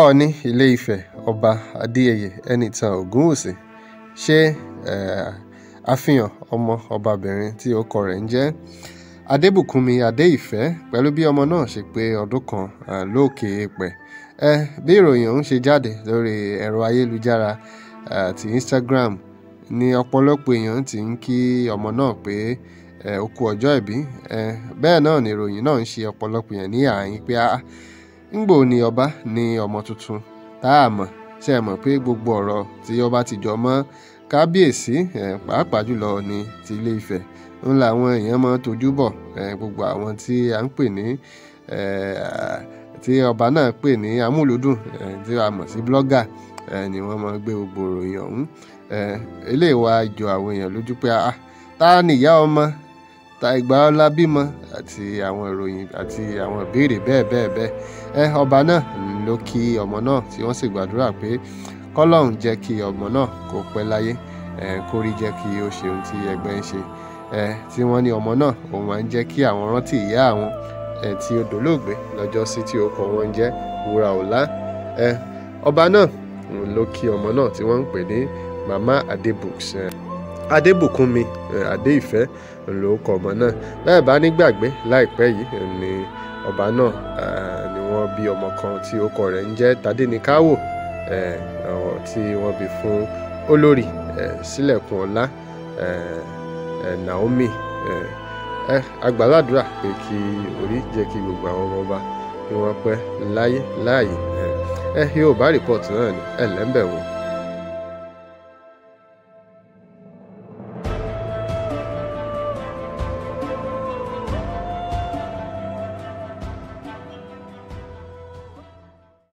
ọọ̀ni ilé ife, ọba adéyẹyẹ ẹnìtàn ògúnwùsì ṣe àfihàn ọmọ ọbabìnrin tí orúkọ rẹ̀ ń jẹ́ adébùkúnmi adéìfẹ́ pẹ̀lú bí ọmọ náà ṣe pé ọdún kan lóòkè èèpẹ̀ ẹ bí ìròyìn ọ̀hún ṣe jáde lórí ẹ̀rọ ayélujára ti instagram ni ọ̀pọ̀lọpọ̀ èèyàn ti ń kí ọmọ náà pé ó kú ọjọ́ ìbí bẹ́ẹ̀ náà ni ìròyìn náà ń ṣe ọ̀pọ̀lọpọ̀ èèyàn ní àárín pé ńgbò ni ọba ní ọmọ tuntun tá a mọ̀ ṣe é mọ̀ pé gbogbo ọ̀rọ̀ tí ọba ti jọ mọ́ kábíyèsí pàápàá jùlọ ní ti ilé Ifẹ̀ ń làwọn èèyàn máa tójú bọ̀ gbogbo àwọn tí a ń pè ní tí ọba náà pè ní amúlùdùn tí a mọ̀ sí blọ́gà ni wọ́n máa gbé gbogbo ìròyìn ọ̀hún eléyìí wá jọ àwọn èèyàn lójú pé ah ta nìyá ọmọ ìgbà ọlá bímọ àti àwọn ìròyìn àti àwọn ìbéèrè bẹ́ẹ̀ bẹ́ẹ̀ bẹ́ẹ̀ ẹ ọba náà ló kí ọmọ náà tí wọ́n sì gbàdúrà pé kọ́lọ́hún jẹ́ kí ọmọ náà kó pẹ́ láyé ẹ kórí jẹ́ kí ó ṣe ohun tí ẹgbẹ́ ń ṣe ẹ tí wọ́n ní ọmọ náà òun máa ń jẹ́ kí àwọn rántí ìyá àwọn ẹ tí ó dolóògbé lọ́jọ́ sí tí orúkọ wọn jẹ́ wúrà ọ̀la ẹ ọba náà ló kí ọmọ náà tí wọ́n ń pè ní mama adebooks. adébùkúnmi adéìfẹ́ lórúkọ ọmọ náà bẹ́ẹ̀ bá nígbàgbé láìpẹ́ yìí ni ọba náà ni wọ́n bí ọmọ kan tí orúkọ rẹ̀ ń jẹ́ tadénikáwò tí wọ́n bí fún olórí sílẹ̀kùn ọlá naomi agbàládùra pé kí orí jẹ́ kí gbogbo àwọn ọmọ ọba kí wọ́n pẹ́ láyé láàyè ẹ yóò bá náà ní